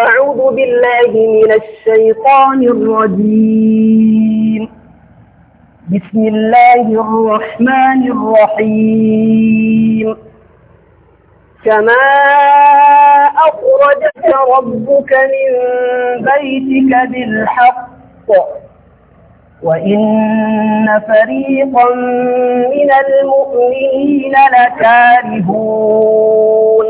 أعوذ بالله من الشيطان الرجيم بسم الله الرحمن الرحيم كما أخرجك ربك من بيتك بالحق وإن فريقا من المؤمنين لكارهون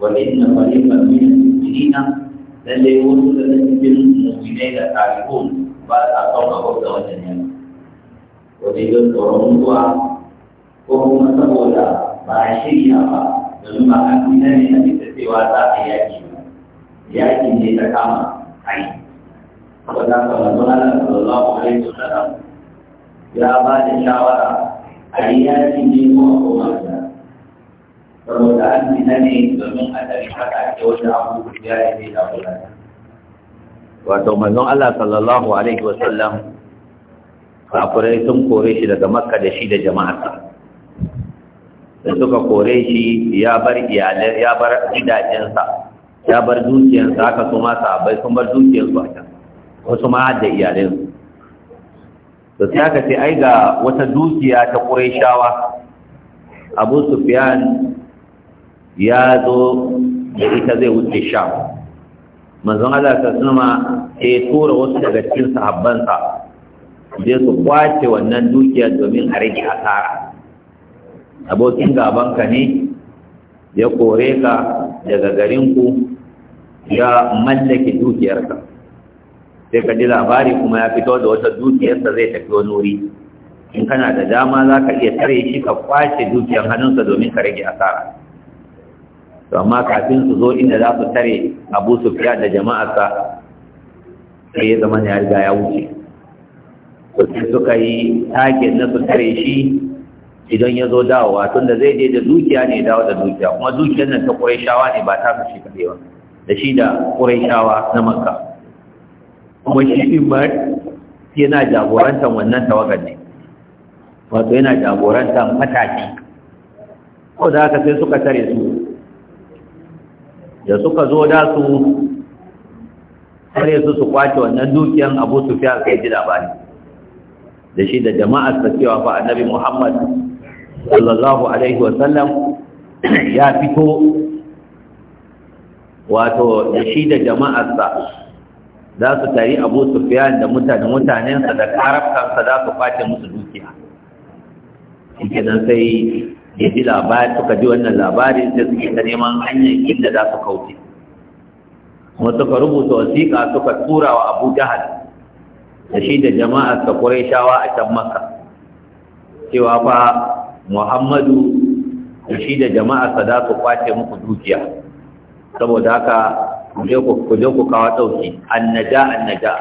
وإن فريقا من المؤمنين لن يكون لكن المؤمنين تعرفون بعد أصابه قبل وجنيا وجدت ترمضها وهو مسؤولا بعشرها لما أكمل من الاستواء حياتي يأتي من تكامل حي وذاك رسول صلى الله عليه وسلم يا بعد الشاورة أياتي من وقومك saboda an na ne domin a dari haka ake wata abu ya yi ne da kula wato manzon Allah sallallahu alaihi wasallam kafirai sun kore shi daga makka da shi da jama'arsa da suka kore shi ya bar iyalai ya bar gidajensa ya bar dukiyarsa haka su ma bai sun bar dukiyarsu a can wasu ma da iyalinsu da sai aka ce ai ga wata dukiya ta shawa. abu Sufyan ya zo da ita zai wuce sha manzon Allah ta sunama ya tura wasu daga cikin sahabbansa je su kwace wannan dukiyar domin a rage asara abokin gabanka ne ya kore ka daga garinku ya mallake dukiyarka sai ka ji labari kuma ya fito da wata dukiyarsa zai tafi wani wuri in kana da dama za ka iya tare shi ka kwace dukiyar hannunsa domin ka rage asara to amma kafin su zo inda za su tare abu fiya da jama'arsa sai ya zama ya riga ya wuce sai suka yi takin na su tare shi idan ya zo dawowa tun da zai je da dukiya ne dawo da dukiya kuma dukiyar nan ta ƙurashawa ne ba ta su shi kaɗai ba da shi da ƙurashawa na makka kuma shi ba yana jagorantar wannan tawagar ne wato yana jagorantar mataki ko da haka sai suka tare su da suka zo da su har yanzu su kwace wannan dukiyan abu su fiya kai ji labari da shi da jama'a sa cewa fa annabi muhammad sallallahu alaihi wasallam ya fito wato da shi da jama'arsa sa za su tari abu su fiya da mutane mutanensa da karafkansa za su kwace musu dukiya shi sai ya ji labari suka ji wannan labari sai suke ta neman hanyar inda za su kauce kuma suka rubuta wasiƙa suka tura wa abu jahal da shi da jama'ar ta shawa a can maka cewa fa muhammadu da shi da jama'ar sa za su kwace muku dukiya saboda haka ku je ku kawo ɗauki annaja annaja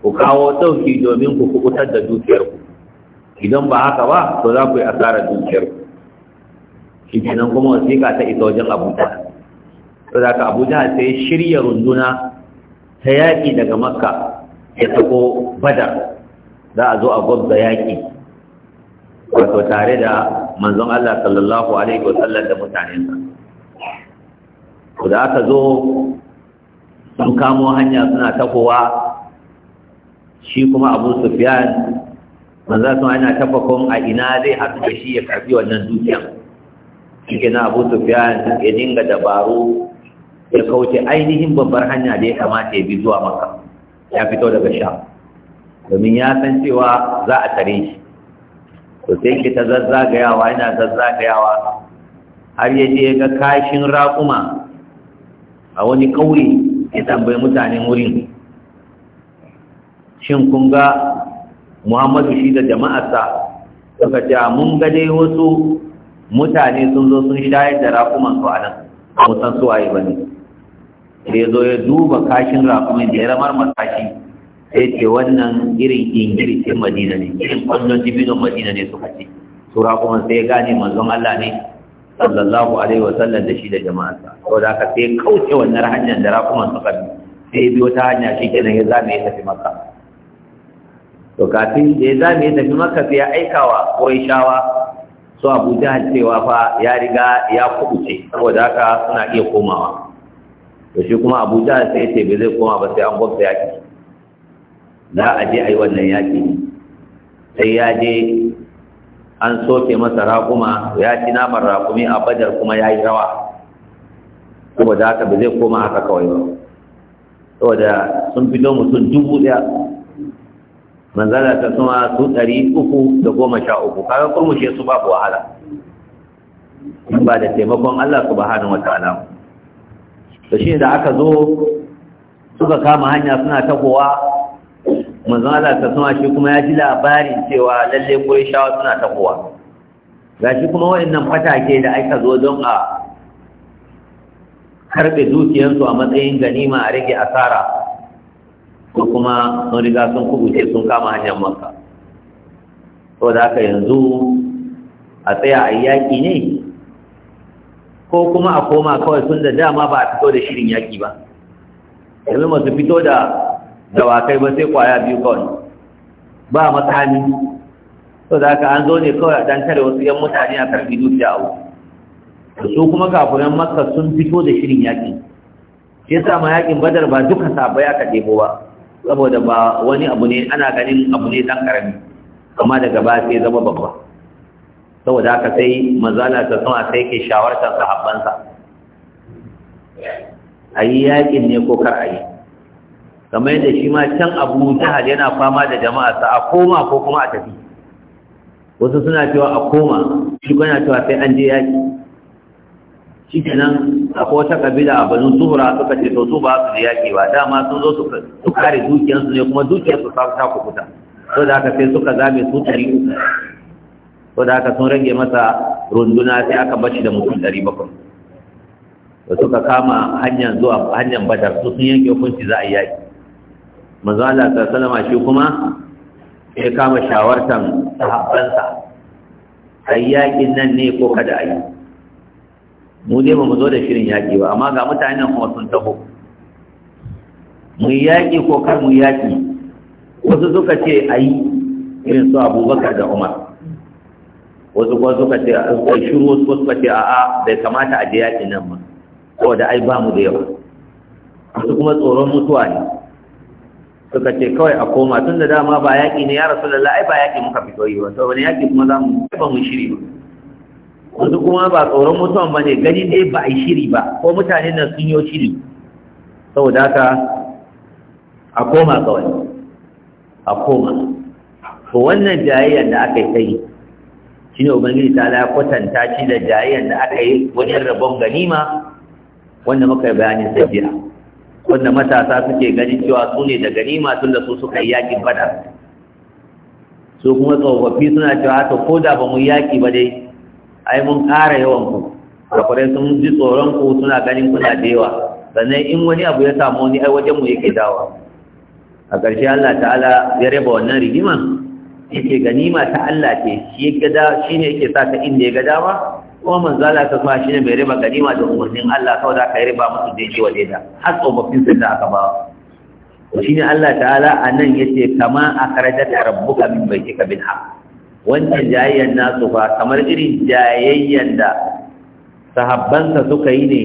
ku kawo ɗauki domin ku kubutar da dukiyarku idan ba haka ba to za ku yi asarar dukiyarku shi kenan kuma wasiƙa ta isa wajen abuja to da ka abuja sai shirya runduna ta yaƙi daga makka ya tako badar za a zo a gwabza yaƙi wato tare da manzon allah sallallahu alaihi wasallam da mutanensa to da aka zo sun kamo hanya suna tafowa shi kuma abu sufiyan manzon sun ana tafakon a ina zai haɗu da shi ya karfi wannan dukiyan cikin abu ya dinga dabaru ya kauce ainihin babbar hanya da ya kamata ya bi zuwa maka ya fito daga sha domin ya san cewa za a tare shi to sai ke ta zazzagayawa yana zazzagayawa har ya je ga kashin raƙuma a wani kauye ya tambayi mutanen wurin shin kun ga muhammadu shi da jama'arsa suka ce mun ga dai wasu mutane sun zo sun shayar da rafuman su a nan musan su ayi ne sai ya zo ya duba kashin rakumin da ya ramar matashi sai ce wannan irin ingiri ce madina ne irin kwallon dibinon madina ne suka ce su rafuman sai ya gane manzon Allah ne sallallahu alaihi wa sallam da shi da jama'arsa da haka sai kauce wannan hanyar da rafuman suka bi sai ya biyo ta hanya shi kenan ya zame ya tafi maka. to kafin da ya zame ya tafi maka sai ya aikawa quraishawa So abu jihar cewa fa ya riga ya kubuce saboda haka suna iya komawa to shi kuma abu jihar sai ce bai zai koma ba sai an gwamta yaƙi za a je a yi wannan yaƙi sai ya je an soke masa raƙuma ya ci naman raƙumi a badar kuma ya yi rawa saboda haka bai zai koma haka kawai ba saboda sun fito mutum dubu ɗaya manzala ta sama su ɗari uku da goma sha uku kaga kurmushe su babu wahala in ba da taimakon Allah su bahanin wata alamu da shi da aka zo suka kama hanya suna tagowa manzon Allah ta sama shi kuma ya ji labarin cewa lalle shawa suna ga shi kuma waɗannan fatake da aka zo don a karɓe dukiyarsu a matsayin ganima a rage asara ko kuma sun riga sun kubuce sun kama hanyar maka ko da haka yanzu a tsaya a yaƙi ne ko kuma a koma kawai tun da dama ba a fito da shirin yaƙi ba yanzu masu fito da dawakai ba sai kwaya biyu kawai ba makami ko da haka an zo ne kawai a ɗan tare wasu ‘yan mutane a karfi dukiya a wuce su kuma kafinan maka sun fito da shirin yaƙi shi yasa ma yaƙin badar ba duka sabai aka ɗebo ba saboda ba wani abu ne ana ganin abu ne dan karami amma daga ba sai zama babba saboda haka sai mazala ta sama sai ke shawartar sahabbansa a yi yakin ne ko kar a yi kamar yadda shi ma can abu jahal yana fama da jama'a sa a koma ko kuma a tafi wasu suna cewa a koma shi kuma cewa sai an je yaki shi kenan akwai wata kabila a banu zuhura suka ce to su ba su da yaƙi ba dama sun zo su kare dukiyarsu ne kuma dukiyarsu ta kukuta so da aka sai suka zame su ɗari uku so da aka sun rage masa runduna sai aka bashi da mutum ɗari bakwai da suka kama hanyar zuwa hanyar badar su sun yanke hukunci za a yi yaƙi manzo Allah ta shi kuma ya kama shawartan sahabbansa ayyakin nan ne ko kada a yi mu dai ba mu zo da shirin yaƙi ba amma ga mutanen kuma sun taho mu yaƙi ko kar mu yaƙi wasu suka ce a yi irin su abubakar da umar wasu kuma suka ce a shiru wasu suka ce a a bai kamata a je yaƙi nan ba ko da ai ba mu da yawa wasu kuma tsoron mutuwa ne suka ce kawai a koma tun da dama ba yaƙi ne ya rasu lallai ai ba yaƙi muka fito yi ba to wani yaƙi kuma za mu ba mu shiri ba wasu kuma ba tsoron mutuwan ba ne gani ne ba a yi shiri ba ko mutane nan sun yi shiri saboda haka a koma kawai a koma to wannan jayayyar da aka yi ta yi shi ne ubangiji ta ala kwatanta shi da jayayyar da aka yi wajen rabon ganima wanda muka yi bayanin safiya wanda matasa suke ganin cewa su ne da ganima tun da su suka yi yakin bada su kuma tsofaffi suna cewa haka ko da ba mu yaƙi ba dai ai mun ƙara yawan ku kafirai sun ji tsoron ku suna ganin kuna da yawa sannan in wani abu ya samu wani ai wajen mu yake dawa a ƙarshe Allah ta'ala ya raba wannan rigiman yake ganima ta Allah ce shi gada shine yake sa ka inda ya ga dawa. kuma manzo Allah ta shi ne mai raba ganima da umarnin Allah saboda ka riba musu daidai wa da har tsofaffin sun da aka ba Shi shine Allah ta'ala anan yace kama akarajat rabbuka min baitika bil haqq wancan jayayyan nasu ba kamar irin jayayyan da sahabbansa suka yi ne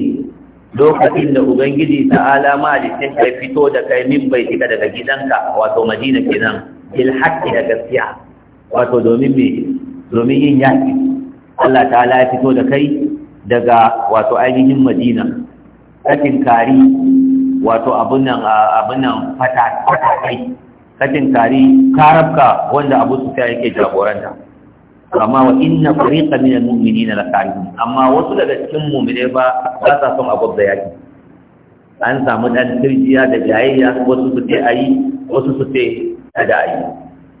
lokacin da ubangiji ta alama ta ya fito da kai min bai shiga daga gidanka wato madina kenan il haqqi da gaskiya wato domin me domin yin yaki Allah ta'ala ya fito da kai daga wato ainihin madina katin kari wato abun nan abun nan fata fata kai Sakin tari karabka wanda abu ta yake jagoranta amma wa inna fariqan min almu'minina la ta'lamu amma wasu daga cikin mu'mine ba ba sa son abu da yaki an samu dan tirjiya da jayayya wasu su ce ayi wasu su ce da ayi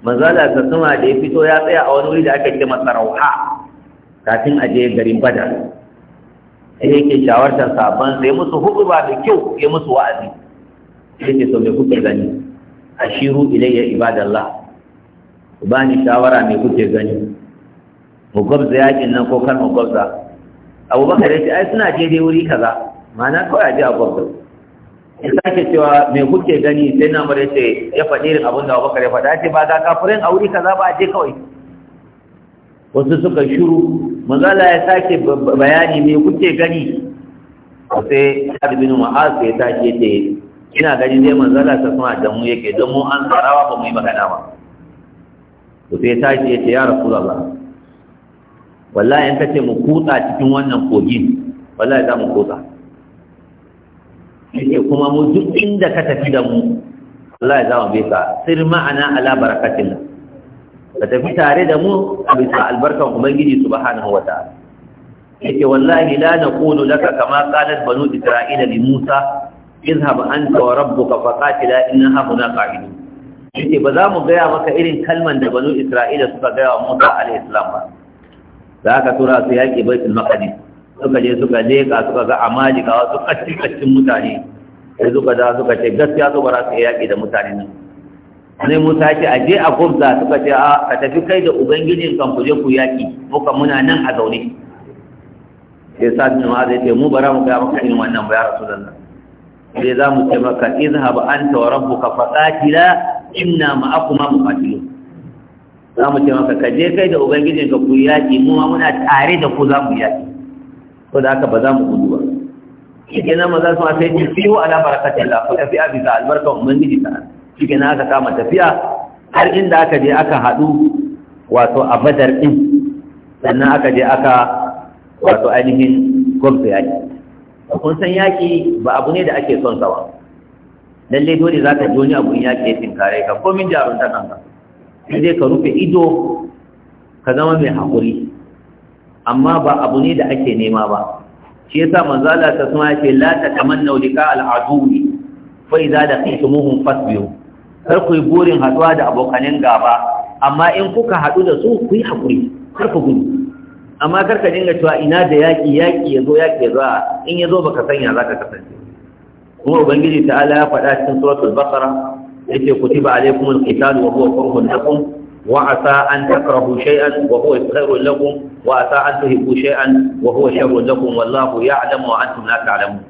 manzo ta da ya fito ya tsaya a wani wuri da aka ce masa rauha kafin a je garin badar sai yake shawartar sabon sai musu hukuba da kyau sai musu wa'azi sai ke so me kuka gani ashiru ilayya ibadallah ku bani shawara me kuke gani mu gwabza yakin nan ko kan mu gwabza abubakar ya ce ai suna dai wuri kaza ma'ana kawai a ji a gwabza ya sake cewa me kuke gani sai na mara ce ya faɗi irin abin da abubakar ya faɗa ce ba za kafirin a wuri kaza ba a je kawai wasu suka shiru manzala ya sake bayani me kuke gani sai abin mu'az ya tashi ya ce ina gani dai manzala ta kuma da mu yake don mu an tsarawa ba mu yi magana ba to sai tashi ya ce ya rasulullah wallahi in kace mu kutsa cikin wannan kogi wallahi za mu kutsa yake kuma mu duk inda ka tafi da mu wallahi za mu bi ka sir ma'ana ala barakatillah ka tafi tare da mu a bisa albarkan ubangiji subhanahu ta'ala yake wallahi la naqulu laka kama qalat banu isra'ila li musa izhab anta wa rabbuka faqatila inna hahuna ƙa'idu. yace ba za mu gaya maka irin kalman da banu isra'ila suka gaya wa musa alayhi salam ba za ka tura su yaƙi baitul maqdis suka je suka ka suka ga amalika wasu kacin kacin mutane sai suka da suka ce gaskiya su bara su yaƙi da mutane nan Wani musa ya ce a je a gubza suka ce a ka tafi kai da ubangijin kan kuje ku yaƙi muka muna nan a zaune sai sa bin ma zai ce mu bara mu gaya maka irin wannan bayan ya rasu nan sai za mu ce maka izhab anta wa rabbuka faqatila inna ma'akuma muqatilun za mu ce maka ka je kai da ubangijin ka ku yaki mu ma muna tare da ku za mu yaƙi. ko da haka ba za mu gudu ba shike nan maza sun sai ji fiyo ala barakatin Allah ko tafiya bisa albarkan ubangiji ta shike na aka kama tafiya har inda aka je aka haɗu wato a badar din sannan aka je aka wato ainihin gwamnati yaki kun san yaƙi ba abu ne da ake son sawa ba lallai dole za ka joni abu ya ke ya kare ka komin ta kanka sai dai ka rufe ido ka zama mai haƙuri amma ba abu ne da ake nema ba shi yasa manzala ta suma ce la ta tamanna lika al'aduwi fa idza laqitumuhum fasbiru kar ku yi burin haɗuwa da abokanin gaba amma in kuka haɗu da su ku yi haƙuri kar ku gudu amma kar ka dinga cewa ina da yaƙi yaƙi ya zo yaƙi ya zo in ya zo baka sanya za ka kasance kuma ubangiji ta'ala ya faɗa cikin suratul baqara yace kutiba alaykumul qitalu wa huwa kurhun lakum wa asa an takrahu shay'an wa huwa khairun lakum wa asa an tuhibbu shay'an wa huwa sharrun lakum wallahu ya'lamu wa antum la ta'lamun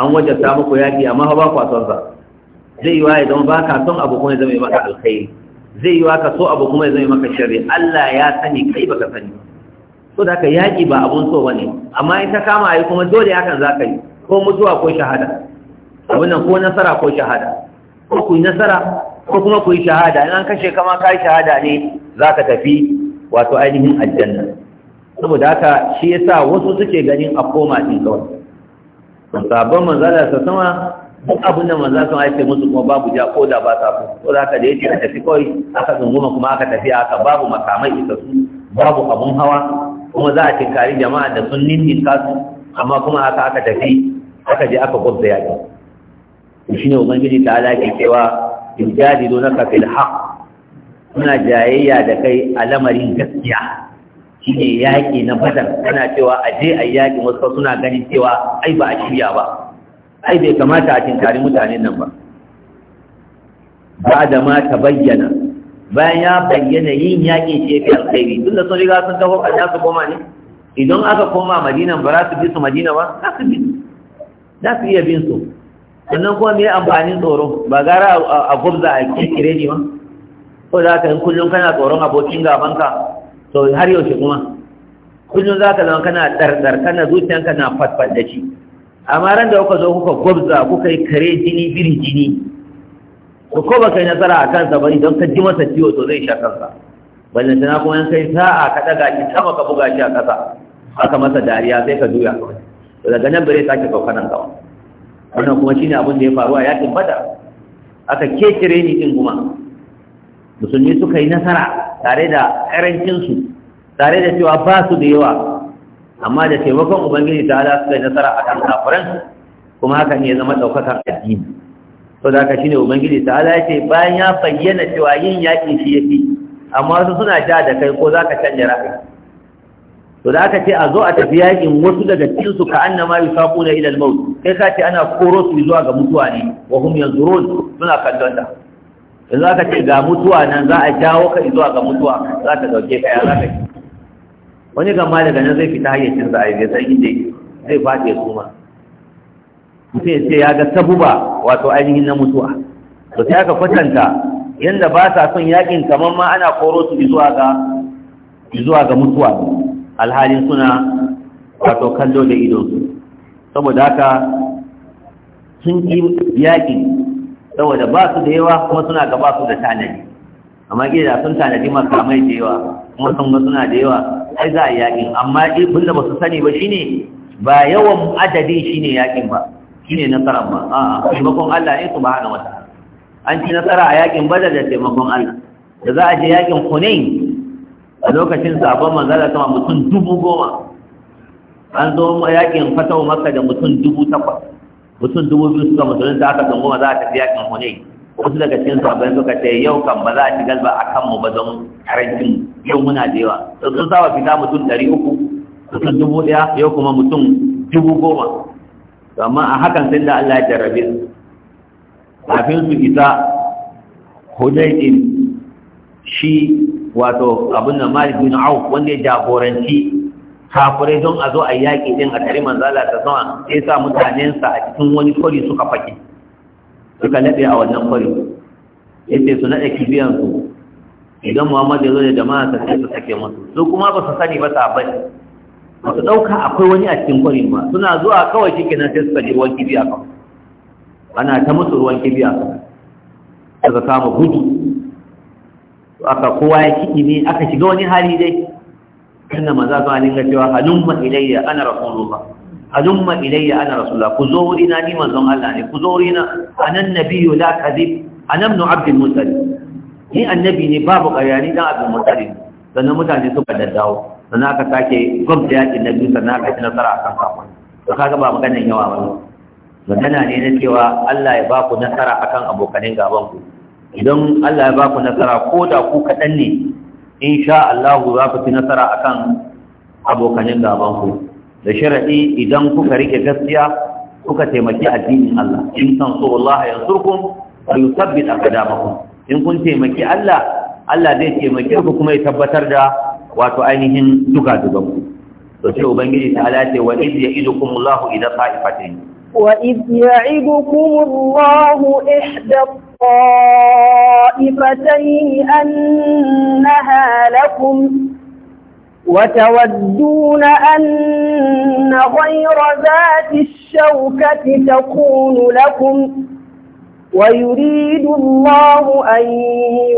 an wajabta muku yaƙi amma ba ku son sa zai yi wa ya zama, baka son abu kuma ya zama maka alkhairi zai yi wa ka so abu kuma ya zama maka sharri Allah ya sani kai baka sani ba so da aka yaƙi ba abun so ba ne amma in ta kama a yi kuma dole hakan za ka yi ko mutuwa ko shahada abin ko nasara ko shahada ko ku yi nasara ko kuma ku yi shahada in an kashe kama ka yi shahada ne za ka tafi wato ainihin aljanna saboda haka shi ya sa wasu suke ganin a koma din kawai sabon manzala ta sama duk abin da manzala sun haife musu kuma babu ja ko da ba safu ko da haka da ce a tafi kawai aka zunguma kuma aka tafi aka babu makamai isa su babu abun hawa kuma za a tinkari jama'a da sun ninninka su amma kuma aka aka tafi aka je aka gwabza yaƙi shi ne ubangiji ta alaƙi cewa in jadi zo na kafin haƙ suna jayayya da kai a lamarin gaskiya shi ne yaƙi na badar ana cewa a je a yaƙi wasu suna ganin cewa ai ba a shirya ba ai bai kamata a tinkari mutanen nan ba ba da ma ta bayyana bayan ya bayyana yin yaƙi ce fi alkhairi tun da sun riga sun taho a za su koma ne idan aka koma madina ba za su bi su madina ba za su bi za su iya bin su sannan kuma me amfanin tsoro ba gara a gwabza a kirkire ne ba ko za ka yi kullum kana tsoron abokin gabanka to har yaushe kuma kullum za ka zama kana ɗarɗar kana zuciyanka na fatfat da shi amma ran da kuka zo kuka gwabza kuka yi kare jini biri jini ko ko baka yi nasara a kansa ba idan ka ji masa ciwo to zai sha kansa balle tana kuma yan kai sa'a ka daga shi sama ka buga shi a kasa aka masa dariya sai ka juya to daga nan bare sake kauka nan gaba wannan kuma shine abin da ya faru a yakin bada. aka kekire ni din kuma musulmi suka yi nasara tare da karancin su tare da cewa ba su da yawa amma da taimakon ubangiji ta ala suka yi nasara a kan kafiran kuma hakan ya zama daukakan addini to da aka shi ne ubangiji ta'ala ce bayan ya bayyana cewa yin yakin shi yafi amma su suna ja da kai ko za ka canja ra'ayi to da aka ce a zo a tafi yakin wasu daga cikin su ka annama yusaquna ila ilal maut kai ka ce ana koro su zuwa ga mutuwa ne wa hum yanzurun suna kallon ta yanzu aka ce ga mutuwa nan za a jawo ka zuwa ga mutuwa za ta dauke ka ya za ka yi wani gama daga nan zai fita hayyacin sa a yi zai inda zai fadi ya suma mutum ya ce ya ga sabuba wato ainihin na mutuwa to sai aka kwatanta yadda ba sa son yakin kamar ma ana koro su zuwa ga zuwa ga mutuwa alhalin suna wato kallo da su, saboda haka sun ƙi yaƙi saboda ba su da yawa kuma suna gaba su da tanadi amma ƙi da sun tanadi makamai da yawa kuma sun ga suna da yawa ai za a yaƙin amma ɗin da ba su sani ba shine ba yawan adadin shine yaƙin ba shine nasarar ba a'a taimakon Allah ne subhanahu wataala an ci nasara a yakin badar da taimakon Allah da za a je yakin Hunain a lokacin sabon manzala sama mutum dubu goma an zo yakin fatawa maka da mutum dubu takwas mutum dubu biyu suka musulun da aka goma za a tafi yakin Hunain wasu daga cikin sabon suka ce yau kan ba za a shigar galba a kanmu ba don karancin yau muna da yawa sun saba fita mutum ɗari uku mutum dubu ɗaya yau kuma mutum dubu goma amma a hakan sai da Allah ya jarabe su kafin su isa hudaydi shi wato abin da Malik bin Auf wanda ya jagoranci kafirai don a zo a yaƙi din a tare manzala ta sama sai sa mutanensa a cikin wani kori suka fake suka laɗe a wannan kori yadda su naɗa kibiyansu idan Muhammad ya zo da jama'a sai su sake musu su kuma ba su sani ba sabai ba su ɗauka akwai wani a cikin kwarin ba suna zuwa kawai shi kenan sai suka je ruwan kibi a kan ana ta musu ruwan kibi a kan daga kama gudu aka kowa ya kiɗi ne aka shiga wani hali dai inda maza su halin ga cewa halumma ilayya ana rasulullah halumma ilayya ana rasulullah ku zo wuri na ni manzon Allah ne ku zo wuri na anan nabiyyu la kadhib anan ibn abdul muttalib ni annabi ne babu ƙarya ni dan abdul muttalib sannan mutane suka daddawo sannan aka sake gwamnati yakin na biyu sannan aka ci nasara a kan kafin to kaga ba maganan yawa ba ne magana ne na cewa Allah ya baku nasara akan abokanin gaban ku idan Allah ya baku nasara ko da ku kaɗan ne insha Allah za ku nasara akan abokanin gaban ku da sharadi idan kuka rike gaskiya kuka taimaki addinin Allah in san so Allah ya surkum wa yusabbit aqdamakum in kun taimaki Allah Allah zai taimake ku kuma ya tabbatar da wato ainihin duka duka ku to sai ubangiji ta alace wa iz ya'idukum Allahu ila ta'ifatin wa iz ya'idukum Allahu ihda ta'ifatin annaha lakum وتودون أن غير ذات الشوكة تكون لكم ويريد الله أن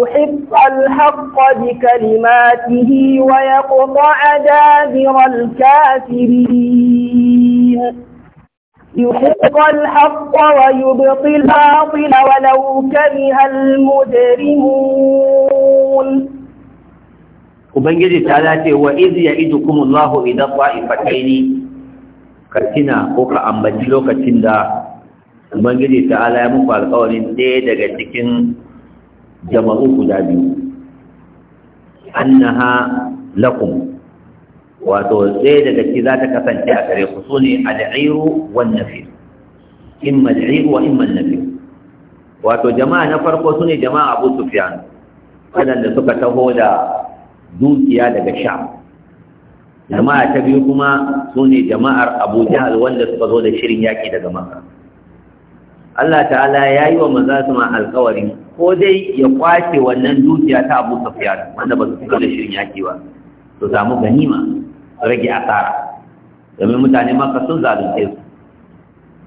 يحق الحق بكلماته ويقطع دابر الكافرين يحق الحق ويبطل الباطل ولو كره المجرمون Ubangiji ta dace wa izi ya idu kumullahu idan ba'ifatai ne, ka ko ka ambaci lokacin da ubangiji ta'ala ya muku alƙawarin ɗaya daga cikin jama'u guda biyu annaha lakum wato ɗaya daga ciki za ta kasance a kare ku su ne al'iru wan nafi imma al'iru wa na nafi wato jama'a na farko su ne jama'a abu sufyan waɗanda suka taho da dukiya daga sha jama'a ta biyu kuma su ne jama'ar abu wanda suka zo da shirin yaƙi daga maka Allah ta'ala ya yi wa maza su ma alkawari ko dai ya kwace wannan dukiya ta abu safiya wanda ba su fito da shirin yaki ba su samu ganima su rage asara domin mutane maka sun zalunce su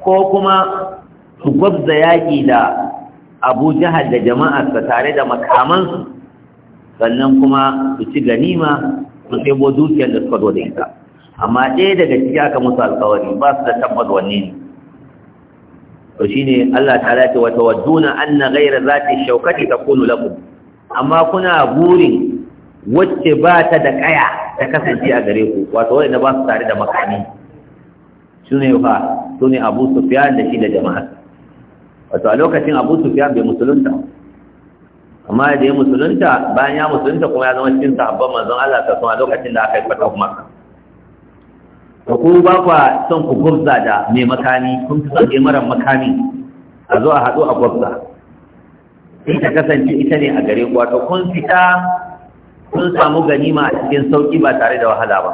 ko kuma su gwabza yaƙi da abu jihar da jama'arsa tare da makamansu sannan kuma su ci ganima su sai bo dukiyar da suka zo da ita amma ɗaya daga ciki aka musu alkawari ba su da tabbas wanne ne to shine Allah ta'ala ta wata tawadduna anna ghayra zati shaukati takunu lakum amma kuna burin wacce ba ta da kaya ta kasance a gare ku wato wanda ba su tare da makami shine fa to ne Abu Sufyan da shi da jama'a wato a lokacin Abu Sufyan bai musulunta amma da ya musulunta bayan ya musulunta kuma ya zama cikin sahabban manzon Allah ta a lokacin da aka yi kuma Makka Ka ku ba kwa son ku gwabza da mai makami kun fi son mara makami a zo a haɗu a gwabza sai ta kasance ita ne a gare ku wato kun fita kun samu ganima a cikin sauƙi ba tare da wahala ba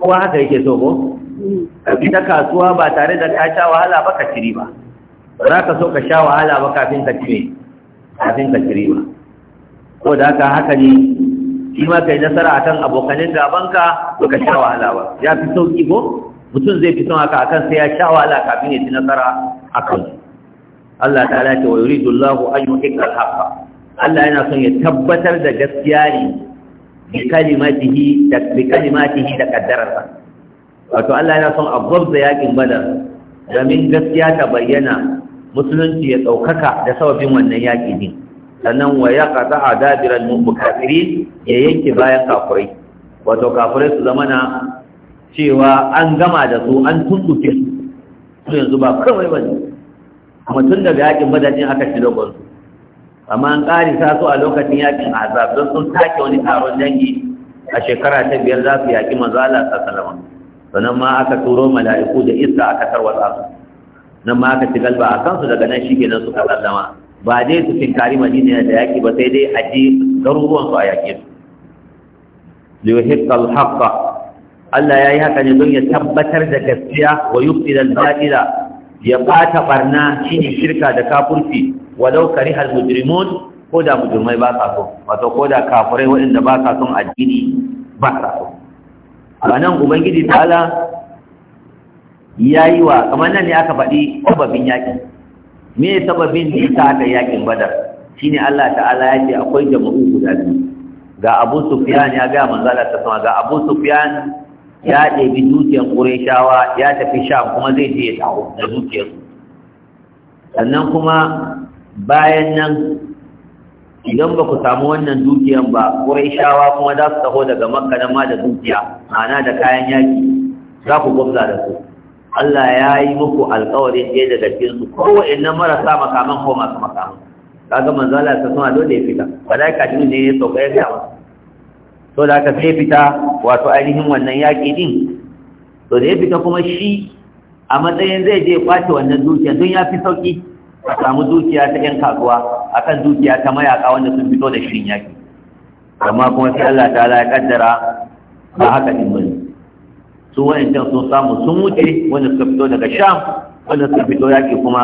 kowa haka yake so ko ka fita kasuwa ba tare da ka sha wahala ba ka ciri ba ba za ka so ka sha wahala ba kafin ka cire kafin ka ciri ba ko da haka haka ne shi ma kai nasara akan abokanin gabanka baka sha wahala ba ya fi sauki ko mutum zai fi son haka akan sai ya sha wahala kafin ya ci nasara a kan. Allah Ta ce wa yuridu Allahu an yuhiqqa al-haqqa Allah yana son ya tabbatar da gaskiya ne bi kalimatihi da bi kalimatihi da wato Allah yana son a abubuwa yakin badar domin gaskiya ta bayyana musulunci ya ɗaukaka da sababin wannan yaƙi din sannan wa ya kasa a dabiran mukafiri ya yanke bayan kafurai wato kafurai su zama na cewa an gama da su an tuntuke su yanzu ba kawai ba ne kuma tun daga yakin madadin aka shi dogon su amma an ƙari sa su a lokacin yakin azab don sun take wani taron dangi a shekara ta biyar za su yaƙi manzo Allah sallallahu sannan ma aka turo mala'iku da iska aka tarwatsa su nan ma aka ci galba a kansu daga nan shi su suka sallama ba dai su tinkari madina da yaƙi ba sai dai a garuruwan su a yaƙe su liyuhiqqal haqqa Allah ya yi haka ne don ya tabbatar da gaskiya wa yufi da zaɗira ya ɓata ɓarna shi ne shirka da kafurci walau karihal mujrimun ko da mujrimai ba sa so wato ko da kafurai waɗanda ba sa son addini ba sa so a nan ubangiji ta'ala yi wa kamar nan ne aka faɗi sababin yaƙi me sababin da yasa aka yakin badar Shi ne Allah ta'ala ya ce akwai jama'u guda biyu ga Abu Sufyan ya gaya manzo ta sama ga Abu Sufyan ya ɗebi dukiyar Qurayshawa ya tafi Sham kuma zai je ya taho da dukiyar sannan kuma bayan nan idan ba ku samu wannan dukiyan ba shawa kuma za su taho daga makka nan ma da dukiya ma'ana da kayan yaki za ku gwamza da su Allah ya yi muku alkawarin ɗaya daga cikin su ko wa'annan marasa makaman ko masu makaman kaga manzo Allah ta sama dole ya fita malaika jin ne ya sauka ya ga to da ka sai fita wato ainihin wannan yaki din to da ya fita kuma shi a matsayin zai je kwace wannan dukiya don ya fi sauki a samu dukiya ta 'yan kasuwa akan dukiya ta mayaka wanda sun fito da shirin yaki amma kuma sai Allah ta'ala ya kaddara ba haka din bane su wayancan sun samu sun wuce wani suka fito daga sham wani suka fito yaƙi kuma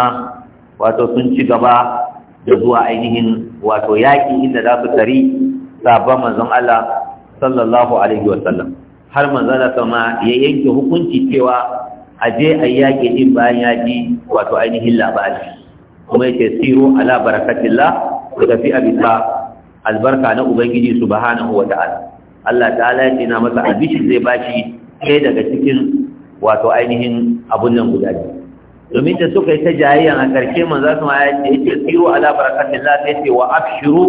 wato sun ci gaba da zuwa ainihin wato yaƙi inda za su tari sabon manzon Allah sallallahu alaihi wa sallam har manzon Allah sama ya yanke hukunci cewa a je a yaƙi din bayan ya ji wato ainihin labari kuma yake siro ala barakatillah ku tafi a bisa albarka na ubangiji subhanahu wa ta'ala Allah ta'ala ya ce na masa abishin zai bashi ɗaya daga cikin wato ainihin abun nan guda biyu domin da suka yi ta jayayya a ƙarshe man za su ma ya ce ce ala barakatun la sai ce wa abshiru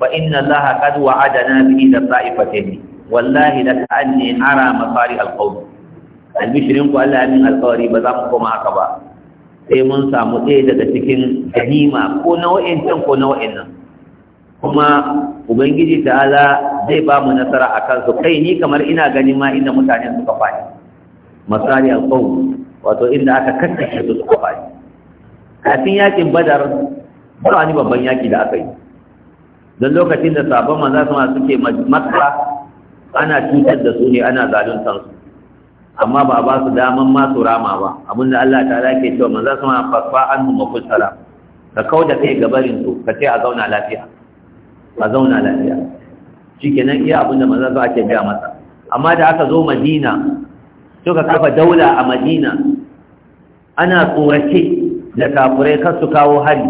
fa inna allaha qad wa'adana bi da sa'ifatayn wallahi la ta'anni ara masari alqawm albishirin ku Allah min alqawari ba za mu koma haka ba sai mun samu ɗaya daga cikin ganima ko nau'in can ko nau'in nan kuma ubangiji ta'ala zai ba mu nasara a kansu kai ni kamar ina ganin ma inda mutane suka faɗi misali alƙawun wato inda aka kakkashe su suka fadi kafin yakin badar ba wani babban yaki da aka yi don lokacin da sabon maza suna suke makka ana cutar da su ne ana zaluntar su amma ba ba su daman ma su rama ba abinda Allah ta'ala ke cewa maza suna fasfa annu mu mafusala ka kauda kai gabarin su ka ce a zauna lafiya a zauna lafiya kenan iya abin da manzon ake biya masa amma da aka zo madina suka kafa daula a madina ana tsorace da kafurai kar su kawo hari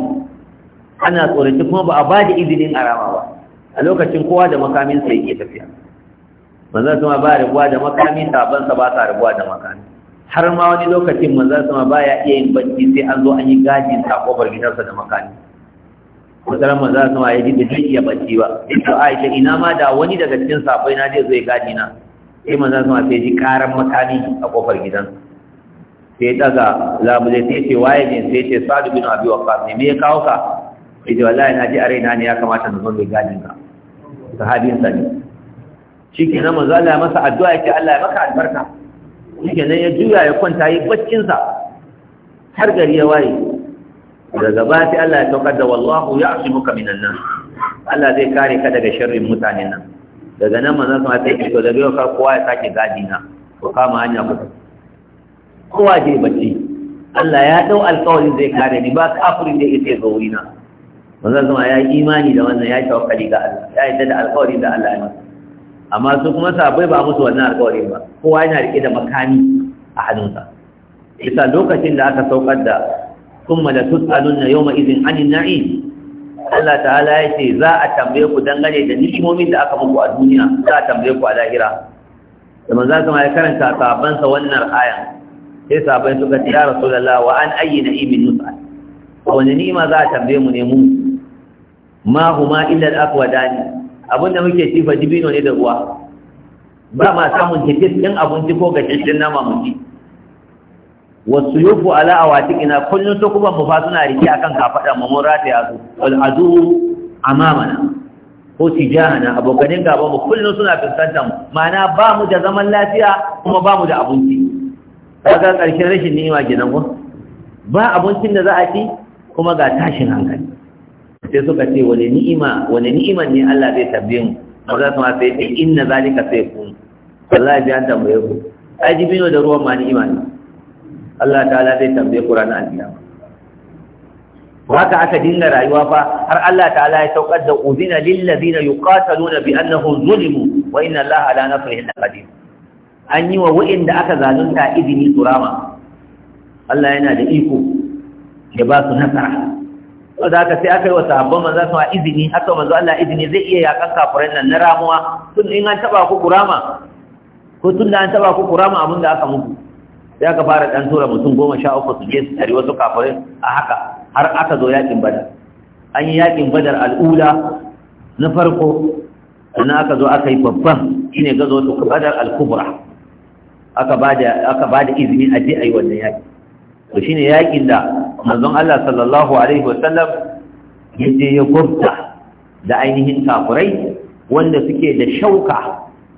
ana tsorace kuma ba a ba da izinin arama ba a lokacin kowa da makamin sai yake tafiya manzon sama ba rabuwa da makami sabansa ba sa rubuwa da makami har ma wani lokacin manzon sama baya iya yin bacci sai an zo an yi gajin sa kofar gidansa da makami wata ran manzo a ya ji da zai iya bacci ba ita Aisha ina ma da wani daga cikin safai na zai zo ya gadi na sai manzo sama sai ji karan makami a kofar gidan sai daga labule sai ce waye ne sai ce sadu bin Abi wa kafin me ya kawo ka sai wallahi na ji a raina ne ya kamata na zo mai gadin ka sahabin sa ne shikenan manzo Allah ya masa addu'a yake Allah ya maka albarka shikenan ya juya ya kwanta ya yi baccinsa har gari ya waye daga ba ta Allah ya saukar da wallahu ya muka minan nan Allah zai kare ka daga sharrin mutanen nan daga nan manzan sama sai ki to daga yau kar kowa ya sake gadi na ko kama hanya ku kowa je bacci Allah ya dau alƙawarin zai kare ni ba kafirin da yake ga wurina manzan sama ya yi imani da wannan ya tawakkali ga Allah ya yadda da alƙawarin da Allah ya yi amma su kuma sabai ba musu wannan alƙawarin ba kowa yana rike da makami a hannunsa bisa lokacin da aka saukar da da la tus'alunna yawma idhin 'anil na'im Allah ta'ala ya ce za a tambaye ku dangane da ni'imomin da aka muku a duniya za a tambaye ku a lahira da za ka ya karanta sabon sa wannan aya sai sabon suka ce ya rasulullahi wa an ayyi na'imin nus'al wani ni'ima za a tambaye mu ne mu ma huma illa al-aqwadani abinda muke ci dibino ne da ruwa ba ma samun hijis din abinci ko gashashin nama mutum. wasu yufu ala awatiqina kullun su kuma mu fa suna rike akan kafada mu mun rata ya su wal adu amamana ko tijahana abokanin gaba mu kullum suna fuskantar mu ma'ana ba mu da zaman lafiya kuma ba mu da abinci kaga karshen rashin ni'ima kenan ko ba abincin da za a ci kuma ga tashin hankali sai suka ce wani ni'ima wani ni'iman ne Allah zai tabbe mu maza su ma sai ce inna zalika sai kun wallahi bi an tambaye ku ajibino da ruwan ma ni'ima ne Allah ta'ala zai tambaye ku ranar Ba ka aka dinga rayuwa ba har Allah ta'ala ya saukar da uzina lil ladina yuqataluna bi annahum zulimu wa inna Allaha ala nasrihim qadir an yi wa wa'inda aka zalunta izini turama Allah yana da iko ya ba su nasara to da aka sai aka yi wa sahabban manzo sama izini haka manzo Allah izini zai iya yakan kafirai nan na ramuwa tun in an taba ku kurama ko tun da an taba ku kurama abin aka muku sai aka fara dan tura mutum goma sha uku su je su tari wasu kafirai a haka har aka zo yakin badar an yi yakin badar al'ula na farko na aka zo aka yi babban shine gazo to badar al-kubra aka ba da bada izini a je wannan yaki to shine yakin da manzon Allah sallallahu alaihi wasallam yaje ya gurta da ainihin kafirai wanda suke da shauka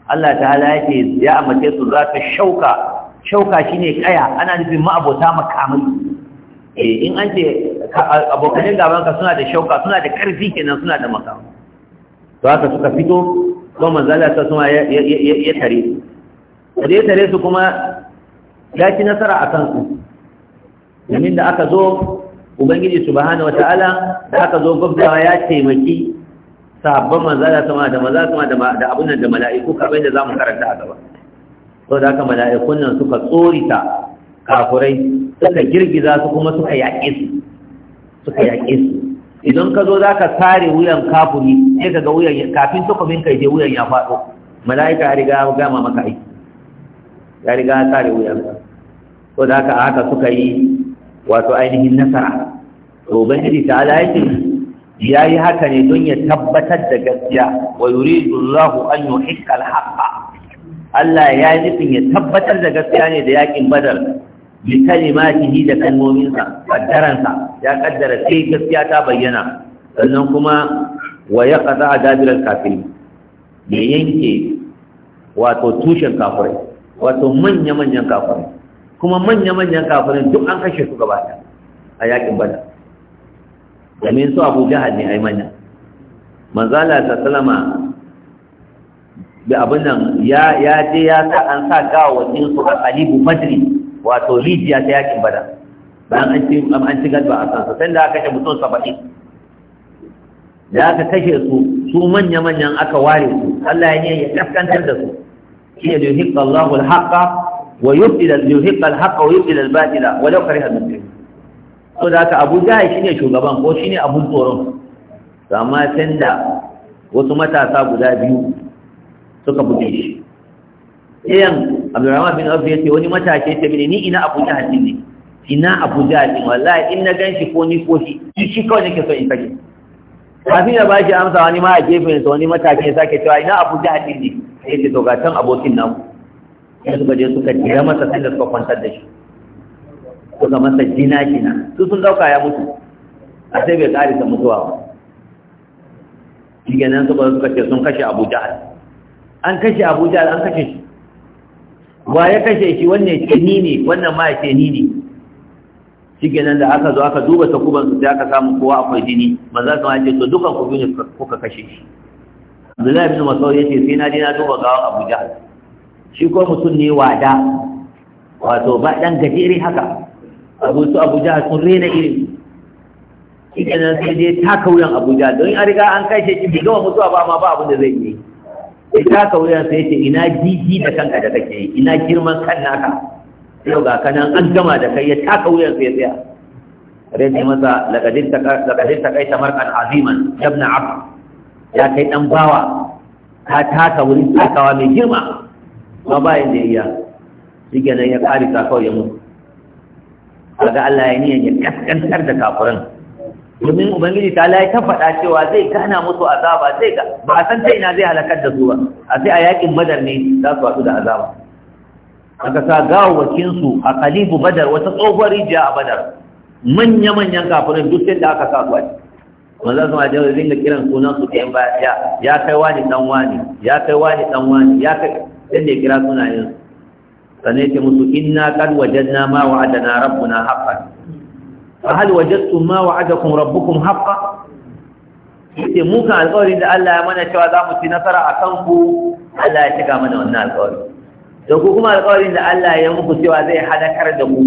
Allah Ta halaye ya amince su za ta shauka shauka shine kaya ana nufin ma'abota makamai eh in an ce abokanin gaban ka suna da shauka suna da karfi kenan suna da makamai to haka suka fito don manzala ta suna ya tare su da ya tare su kuma ya ci nasara a kansu domin da aka zo ubangiji subhanahu wataala da aka zo gwabdawa ya taimaki mazala manzala suna da maza suna da abin da mala'iku kamar yadda mu karanta a gaba sau da aka mala'ikun nan suka tsorita kafurai suka girgiza su kuma suka yaƙe su suka yaƙe su idan ka zo za ka tsare wuyan kafuri sai ka ga wuyan kafin takwamin ka je wuyan ya faɗo mala'ika ya riga ya gama maka aiki ya riga ya tsare wuyan sau da aka haka suka yi wato ainihin nasara to iri ta ala yake ya yi haka ne don ya tabbatar da gaskiya wa yuridu Allahu an yuhiqqa haqqa Allah ya yi nufin ya tabbatar da gaskiya ne da yakin badar bi kalimatihi da kalmominsa kaddaransa ya kaddara sai gaskiya ta bayyana sannan kuma wa ya qada dabirar kafirin ya yanke wato tushen kafirai wato manya manyan kafirai kuma manya manyan kafirai duk an kashe su gaba a yakin badar domin su abu jahal ne ai manya manzala ta salama da abin nan ya ya je ya sa an sa gawawakin su a alibu madri wato rijiya ta yakin bada bayan an ci an ci gadba a san sai da aka kashe mutum saba'in da aka kashe su su manya manyan aka ware su Allah ya ne ya kaskantar da su shi ne da Allahu al-haqqa wa yubdil yuhiqqa al-haqqa wa yubdil al-batila wa law kariha al-mujrimun to da aka Abu Jahl shine shugaban ko shine abun tsoron amma sai da wasu matasa guda biyu suka buge shi iyan abdurrahman bin ya ce wani matashi yace mini ni ina abu a ne ina abu jahal wallahi in na ganshi ko ni ko shi shi kawai nake so in sake kafin ya bashi amsa wani ma a gefe ne wani matashi ya sake cewa ina abu jahal ne ce to ga can abokin namu ya suka je suka jira masa sai da suka kwantar da shi suka masa jina jina su sun dauka ya mutu a sai bai karisa mutuwa ba shi kenan suka suka ce sun kashe abu jahal an kashe Abuja an kashe shi wa ya kashe shi wannan ce ni ne wannan ma ya ce ni ne shikenan da aka zo aka duba takuban su sai aka samu kowa akwai jini za su ce to dukan ku biyu ne kuka kashe shi Abdullahi ibn ya ce sai na je na duba gawan Abuja. shi ko mutum ne wada wato ba dan gajere haka Abu su abuja sun rena irin shikenan sai dai taka wuyan abuja Jahl don an riga an kashe shi bai gama mutuwa ba ma ba abin da zai yi ka ka wuya sai ce ina jiji da kanka da kake ina girman kan naka yau ga kanan an gama da kai ya taka wuyan sai tsaya rai ne masa lakadin ta kai ta markan aziman yabna abu ya kai dan bawa ka taka wurin takawa mai girma ma bayan da iya shi kenan ya karisa kawai ya mutu kaga Allah ya niyan ya kaskantar da kafirin domin ubangiji ta lai ta faɗa cewa zai gana musu azaba zai ga ba a san ta ina zai halakar da su ba a sai a yakin badar ne za su haɗu da azaba aka sa gawawakin su a kalibu badar wata tsohuwar rijiya a badar manya manyan kafirin duk sai da aka sa su a manzo su ajiye da dinga kiran sunan su ɗayan ba ya ya kai wani dan wani ya kai wani dan wani ya kai sai ne kira sunayen sannan ya ce musu inna kan wajen nama wa'adana rabbuna haƙa fa hal wajadtum ma wa'adakum rabbukum haqqan yace mu kan alƙawarin da Allah ya mana cewa za mu ci nasara a kan ku Allah ya cika mana wannan alƙawari da ku kuma alƙawarin da Allah ya muku cewa zai halakar da ku.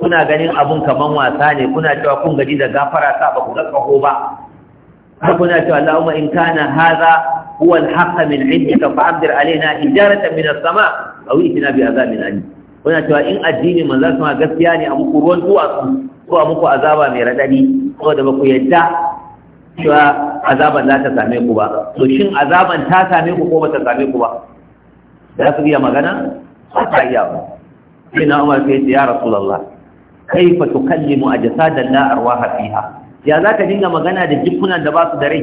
kuna ganin abun kaman wasa ne kuna cewa kun gaji da gafara sa ba ku ga kaho ba har kuna cewa Allahumma in kana hadha huwa al-haqq min 'indika fa'amdir alaina hijaratan min as-sama' aw itina bi azabin alim kuna cewa in addini manzo sama gaskiya ne a muku ruwan duwatsu ko a muku azaba mai raɗaɗi saboda ba ku yadda cewa azaban za ta same ku ba to shin azaban ta same ku ko ba ta same ku ba za su iya magana ba ta iya ba sai na umar sai ya rasulallah kaifa tukallimu ajsadan la arwaha fiha ya za ka dinga magana da jikunan da ba su da rai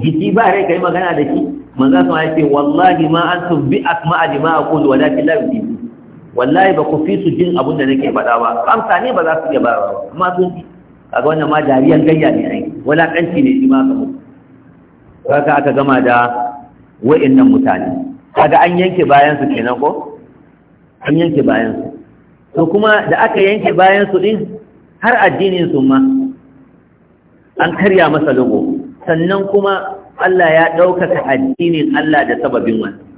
jiki ba rai kai magana da shi manzo ya ce wallahi ma antum bi asma'a lima aqulu walakin la yusibu wallahi ba ku fi su jin abin da nake faɗa ba amsa ne ba za su iya ba ba amma sun ji kaga wannan ma dariyan gayya ne ai wulaƙanci ne shi ma ga mu kaga aka gama da wa'annan mutane kaga an yanke bayan su kenan ko an yanke bayan su to kuma da aka yanke bayan su din har addinin su ma an karya masa lugo sannan kuma Allah ya ɗaukaka addinin Allah da sababin wannan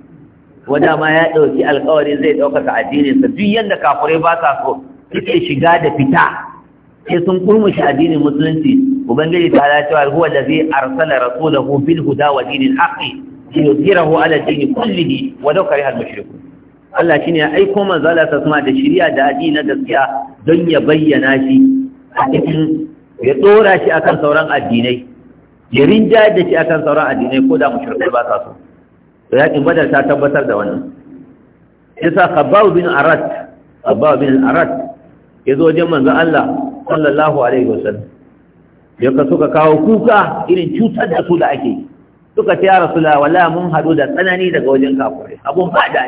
wanda ma ya ɗauki alkawari zai ɗaukaka addininsa duk yadda kafurai ba sa so suke shiga da fita sai sun kurmushi addinin musulunci ubangiji ta ala cewa huwa allazi arsala rasulahu bil huda wa dinil haqqi liyudhhirahu ala dini kullihi wa law kariha al mushrikun Allah shine ya aiko manzo Allah ta sama da shari'a da addini na gaskiya don ya bayyana shi a cikin ya tsora shi akan sauran addinai ya rinja da shi akan sauran addinai ko da mushrikai ba sa so to yakin badar ta tabbatar da wannan isa khabbab bin arat khabbab bin arat yazo wajen manzo Allah sallallahu alaihi wasallam ka suka kawo kuka irin cutar da su da ake suka ce ya rasula wala mun hadu da tsanani daga wajen kafure abun ba da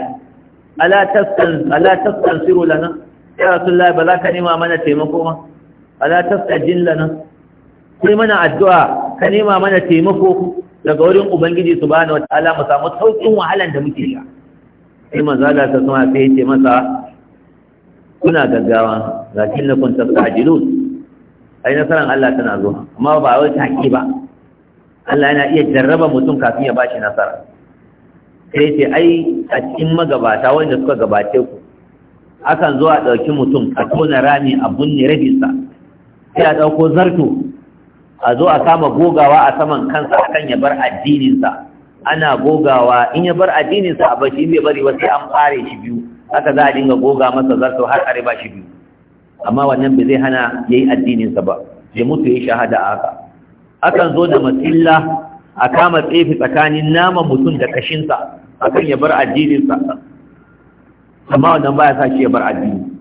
ala tasan ala tasan siru lana ya rasulullahi ba za ka nema mana taimako ma ala tasajin lana kai mana addu'a ka nema mana taimako daga wurin ubangiji su subhanahu wataala mu samu sauƙin wahalan da muke sha sai manzo Allah ta sama sai ya ce masa kuna gaggawa lakinnakum tastajilun ai nasaran Allah tana zo amma ba wai take ba Allah yana iya jarraba mutum kafin ya bashi nasara sai ce ai a cikin magabata wanda suka gabace ku akan zo a ɗauki mutum a tona rami a bunne rabinsa sai a ɗauko zarto a zo a kama gogawa a saman kansa akan ya bar addininsa ana gogawa in ya bar addininsa a bashi in bai bari wasu an fare shi biyu haka za a dinga goga masa zarto har a riba shi biyu amma wannan bai zai hana ya yi addininsa ba ya mutu ya shahada a haka akan zo da matsilla a kama tsefi tsakanin nama mutum da kashinsa akan ya bar addininsa amma wannan baya sa shi ya bar addini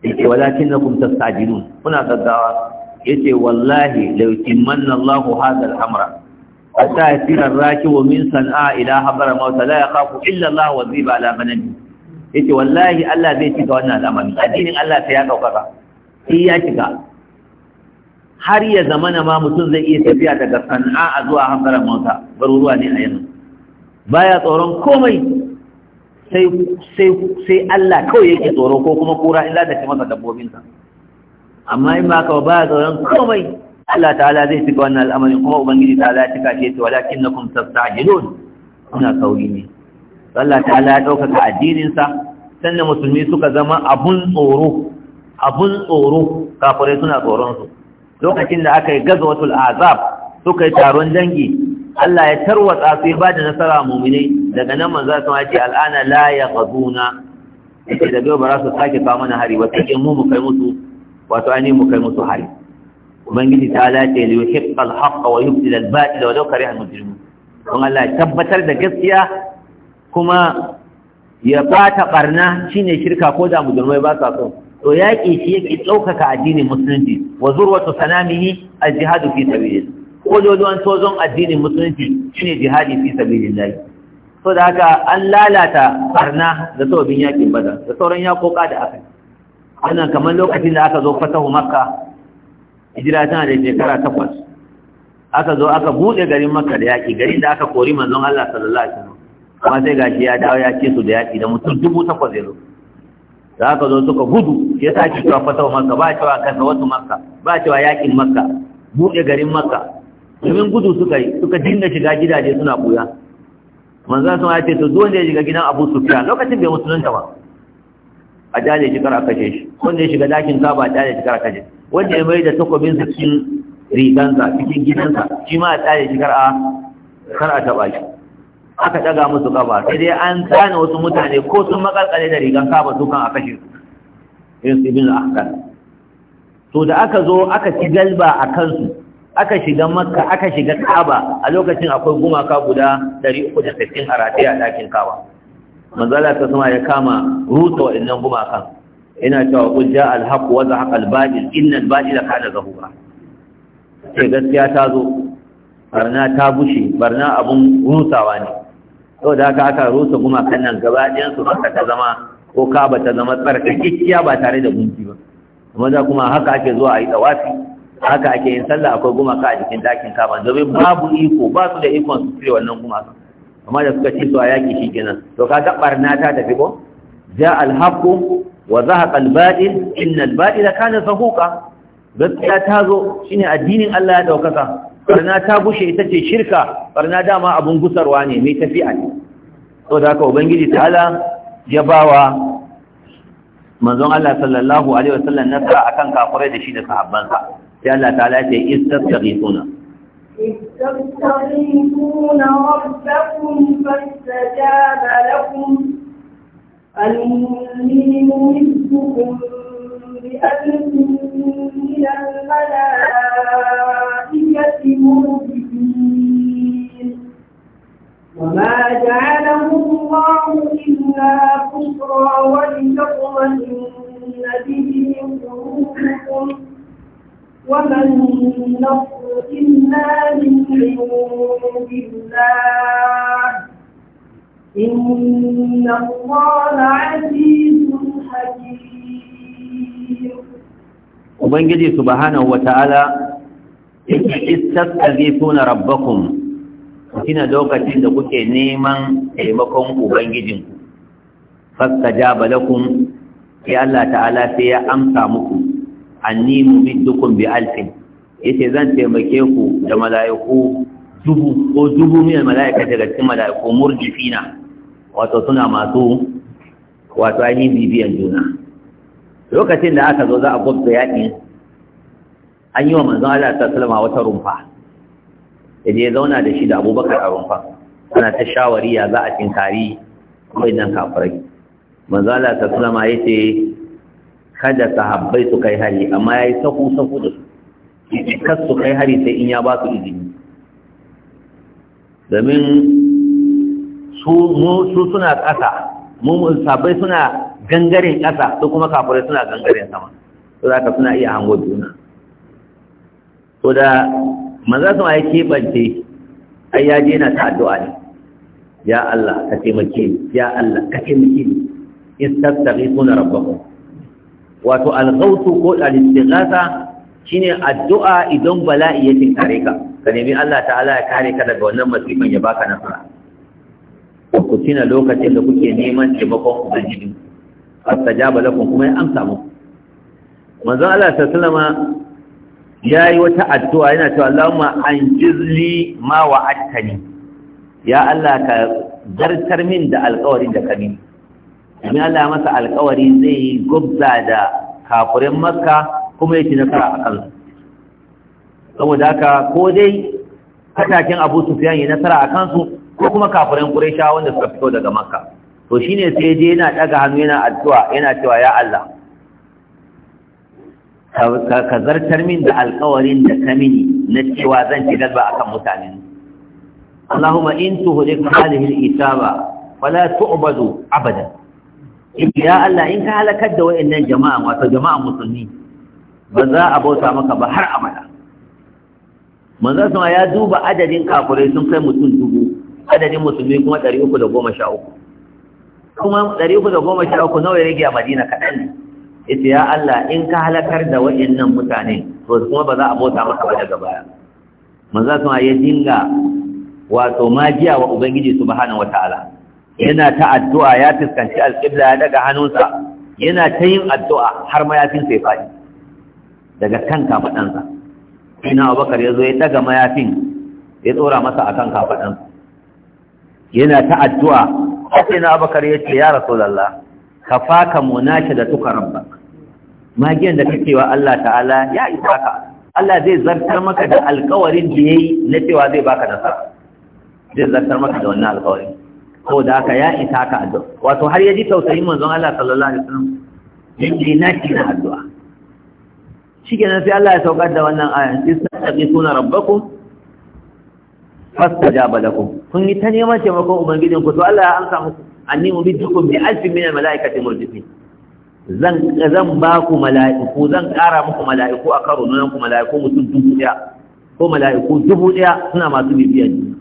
Ike wadatin na kuma tastajinun kuna gaggawa yace wallahi law timanna Allah hadha al-amra hatta yasira ar-rakibu min san'a ila habra mawt la yaqafu illa Allah wa ziba ala manabi yace wallahi Allah zai cika wannan al'amari addinin Allah sai ya daukaka shi ya cika har ya zamana ma mutum zai iya tafiya daga san'a zuwa habra mawt garuruwa ne a yanzu baya tsoron komai sai sai sai Allah kawai yake tsoro ko kuma kura in za ta ci masa dabbobinsa amma in ma ka ba ya tsoron komai Allah ta'ala zai cika wannan al'amarin kuma ubangiji ta'ala ya cika ce to walakin nakum tastajilun kuna sauri ne Allah ta'ala ya ɗaukaka sa sannan musulmi suka zama abun tsoro abun tsoro kafirai suna tsoron su lokacin da aka yi gazwatul azab suka yi taron dangi Allah ya tarwatsa su ya bada nasara mu'minai daga nan manzo sun ce al'ana la yaqzuna yace da gobe ba za su sake fama mana hari ba sai mu mu kai musu wato ainihin mu kai musu hari ubangiji ta lace liyu hikkal al-haqqa wa yubdila al-batila wa law kariha mujrimun don Allah ya tabbatar da gaskiya kuma ya bata barna shine shirka ko da mujrimai ba sa so to yaki shi yake ɗaukaka addinin musulunci wa zurwatu sanamihi al-jihadu fi sabilillah ko doduwan tozon addinin musulunci shine jihadi fi sabilillah so da haka an lalata barna da sabbin yakin bada da sauran yakoka da aka wannan kamar lokacin da aka zo fatahu makka hijira tana da shekara takwas aka zo aka buɗe garin makka da yaƙi garin da aka kori manzon Allah sallallahu alaihi wasallam kuma sai gashi ya dawo ya ce su da yaƙi da mutum dubu takwas ya zo da aka zo suka gudu ya sa ake cewa fatahu makka ba cewa kasa wasu makka ba cewa yaƙin makka buɗe garin makka domin gudu suka yi suka dinga shiga gidaje suna ɓuya manzon sun ya ce to duk wanda ya shiga gidan abu sufiya lokacin bai musulunta ba a jale shi kar a kashe shi wanda ya shiga dakin kaba a jale shi kar a kashe wanda ya mai da takobin sa cikin rigansa cikin gidansa shi ma a jale shi kar a kar a taba shi aka daga musu kaba sai dai an tsane wasu mutane ko sun makalkale da rigan kaba su kan a kashe su irin su ibn al-ahkam to da aka zo aka ci galba a kansu aka shiga makka aka shiga kaba a lokacin akwai gumaka guda 360 a rataye a ɗakin kaba manzala ta sama ya kama rusa waɗannan gumakan ina cewa kun ja alhaq wa zahaqa albatil inna albatila kana zahura sai gaskiya ta zo barna ta bushe barna abun rusawa ne sau da haka aka rusa gumakan nan gaba ɗayansu maka ta zama ko kaba ta zama tsarkakekkiya ba tare da gunki ba kuma za kuma haka ake zuwa a yi tsawafi haka ake yin sallah akwai gumaka a jikin dakin kaba domin babu iko ba su da ikon su cire wannan gumakan. amma da suka ci su a yaƙi shi kenan to kaka barna ta tafi ko ja alhaqu wa zahaqa albatil inna albatila kana zahuqa gaskiya ta zo shine addinin Allah ya daukaka barna ta bushe ita ce shirka barna dama abun gusarwa ne mai tafiya ne to da haka ubangiji ta'ala ya bawa manzon Allah sallallahu alaihi wasallam nasara akan kafirai da shi da sahabbansa sai Allah ta'ala ya ce istaghfiruna تستغيثون ربكم فاستجاب لكم أني ممدكم بألف من الملائكة مردفين وما جعله الله إلا كفرا ولتطمئن به قلوبكم وما النصر إلا من عند الله إن الله عزيز حكيم Ubangiji subhanahu wa ta'ala istastazifuna rabbakum kina lokacin da kuke neman taimakon ubangijinku fastajaba lakum ya Allah ta'ala sai ya amsa muku anni mumiddukum bi alfin yace zan taimake ku da mala'iku dubu ko dubu min mala'ika daga cikin mala'iku murjifina wato suna masu wato ainihin bibiyan juna lokacin da aka zo za a gwabta yaƙin an yi wa manzo Allah ta salama wata rumfa da je zauna da shi da abubakar a rumfa ana ta shawari ya za a tinkari kawai idan kafirai manzo Allah ta salama ya ce kada sahabbai su kai hari amma ya yi sahu sahu da su kas su kai hari sai in ya ba su izini domin su suna ƙasa sahabbai suna gangaren ƙasa su kuma kafirai suna gangaren sama su za ka suna iya hango juna so da manzan su ya keɓance ai ya je na ta addu'a ne ya Allah ka taimake ni ya Allah ka taimake ni in tattabi suna rabbakun wato alghautu ko al-istighatha shine addu'a idan bala'i ya tinkare ka ka nemi Allah ta'ala ya kare ka daga wannan masifan ya baka nasara ku tina lokacin da kuke neman taimakon ubangiji fastajaba lakum kuma ya amsa muku manzo Allah sallama yayi wata addu'a yana cewa Allahumma anjizli ma wa'adtani ya Allah ka zartar min da alƙawarin da ka mini domin Allah masa alkawari zai yi gubza da kafurin makka kuma ya ci nasara a kansu saboda haka ko dai katakin abu sufiyan ya nasara a kansu ko kuma kafurin ƙuresha wanda suka fito daga makka to shi ne sai dai yana ɗaga hannu yana addu'a yana cewa ya Allah ka zartar min da alkawarin da ka mini na cewa zan ci galba akan mutane Allahumma in tuhlik hadhihi al-isaba fala tu'badu abada ya Allah in ka halakar da wayannan jama'a wato jama'a musulmi ba za a bauta maka ba har abada manzo sama ya duba adadin kafirai sun kai mutum dubu adadin musulmi kuma ɗari uku da goma sha uku kuma ɗari uku da goma sha uku nawa ya rage a madina kaɗan ne ita ya Allah in ka halakar da wayannan mutane to kuma ba za a bauta maka ba daga baya manzo sama ya dinga wato majiya wa ubangiji subhanahu wataala yana ta addu'a ya fuskanci alƙibla ya daga hannunsa yana ta yin addu'a har mayafin sai faɗi daga kan kafaɗansa ina abubakar ya zo ya daga mayafin ya tsora masa a kan kafaɗansa yana ta addu'a haka ina abubakar ya ce ya rasu lalla ka faka munashi da tuka rabba magiyan da kake wa Allah ta'ala ya isa ka Allah zai zartar maka da alƙawarin da ya yi na cewa zai baka nasara zai zartar maka da wannan alƙawarin ko da aka ya isa ka addu'a wato har ya ji tausayin manzon Allah sallallahu alaihi wasallam yake na na addu'a shikenan sai Allah ya saukar da wannan ayan istaqisuna rabbakum fastajaba lakum kun yi ta neman taimakon ubangijin ku to Allah ya amsa muku anni mubiddukum bi alfi min almalaikati murdifin zan zan ba ku mala'iku zan ƙara muku mala'iku a karo nan ku mala'iku mutum dubu ɗaya ko mala'iku dubu ɗaya suna masu bibiyan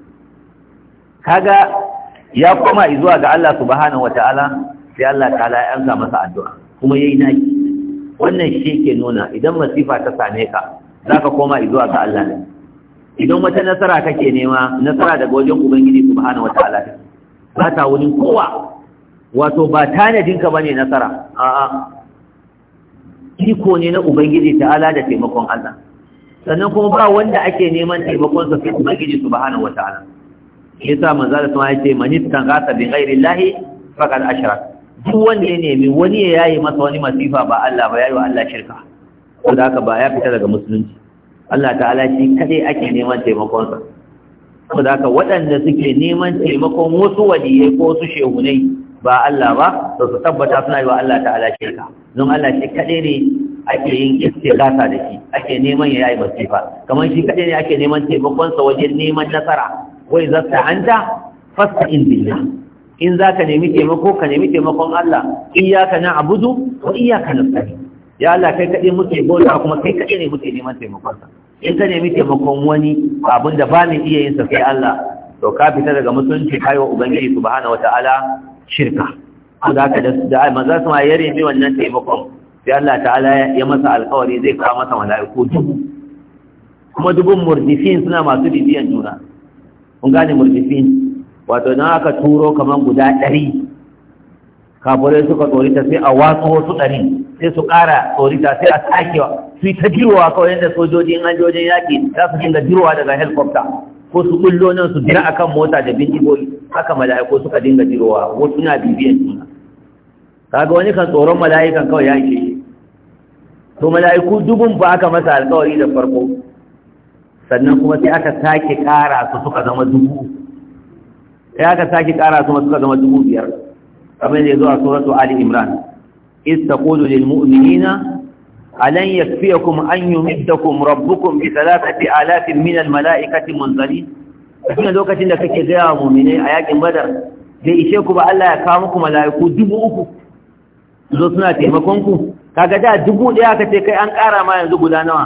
kaga ya koma zuwa ga Allah subhanahu wataala sai Allah ta'ala ya amsa masa addu'a kuma yayi naki wannan shi ke nuna idan masifa ta same ka zaka koma zuwa ga Allah ne idan wata nasara kake nema nasara daga wajen ubangiji subhanahu wataala ta ba ta wurin kowa wato ba tanadin ka bane nasara a'a iko ne na ubangiji ta'ala da taimakon Allah sannan kuma ba wanda ake neman taimakon sa sai ubangiji subhanahu wataala yasa manzo da sama yace man istaghatha bi ghairi llahi faqad ashrak duk wanda ya nemi wani ya yayi masa wani masifa ba Allah ba yayi wa Allah shirka ko da haka ba ya fita daga musulunci Allah ta'ala shi kadai ake neman taimakon sa ko da haka waɗanda suke neman taimakon wasu waliyai ko wasu shehunai ba Allah ba to su tabbata suna yi wa Allah ta'ala shirka don Allah shi kadai ne ake yin istighatha da shi ake neman ya yayi masifa kamar shi kadai ne ake neman taimakon sa wajen neman nasara wai ta anta in billa in zaka nemi taimako ka nemi taimakon Allah iyyaka abudu wa iyyaka nasta'in ya Allah kai kaɗai muke bauta kuma kai kaɗai ne muke neman taimakon ka. in ka nemi taimakon wani abin da ba ni iya yin sa sai Allah to ka fita daga mutunci kai wa ubangiji subhanahu wataala shirka ko da ka da maza su ma yare mai wannan taimakon sai Allah ta'ala ya masa alƙawari zai kawo masa mala'iku dubu kuma dubun murdifin suna masu bibiyan juna kun gane murjifin wato na aka turo kaman guda ɗari kafirai suka tsorita sai a watsu wasu ɗari sai su ƙara tsorita sai a sakewa su yi ta jirwa kawai yadda sojoji in hanjojin yaƙi za su dinga jirwa daga helikopta ko su ɓullo nan su jira akan mota da bindigoyi haka mala'iku suka dinga jirwa ko suna bibiyan juna kaga wani kan tsoron mala'ikan kawai ya ishe to mala'iku dubun ba aka masa alƙawari da farko sannan kuma sai aka sake ƙara su suka zama dubu sai aka sake ƙara su suka zama dubu biyar kamar da zuwa suratu ali imran is taqulu lil mu'minina alan yakfiyakum an yumiddakum rabbukum bi thalathati alafin min al mala'ikati munzalin kuma lokacin da kake ga mu'mine a yakin badar bai ishe ku ba Allah ya kawo muku mala'iku dubu uku zo suna taimakon ku kaga da dubu ɗaya ka ce kai an ƙara ma yanzu guda nawa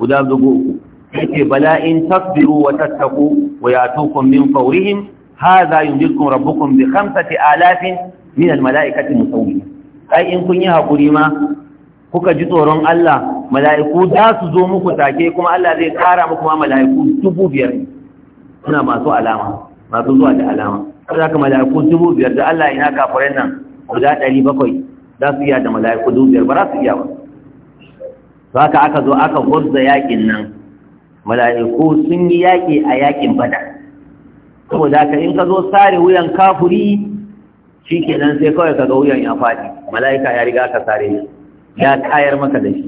guda dubu uku yake bala in tasbiru wa tattaku wa yatukum min fawrihim hadha yumdikum rabbukum bi khamsati alafin min al mala'ikati musawwimin ai in kun yi hakuri ma kuka ji tsoron Allah mala'iku za su zo muku take kuma Allah zai kara muku ma mala'iku dubu biyar suna masu alama masu zuwa da alama kada ka mala'iku dubu biyar da Allah ina kafirin nan guda ɗari bakwai za su iya da mala'iku dubu biyar ba za su iya ba to haka aka zo aka gurza yakin nan mala'iku sun yi yaƙi a yaƙin bada saboda ka in ka zo sare wuyan kafuri shi ke nan sai kawai ka ga wuyan ya faɗi mala'ika ya riga ka sare ya kayar maka da shi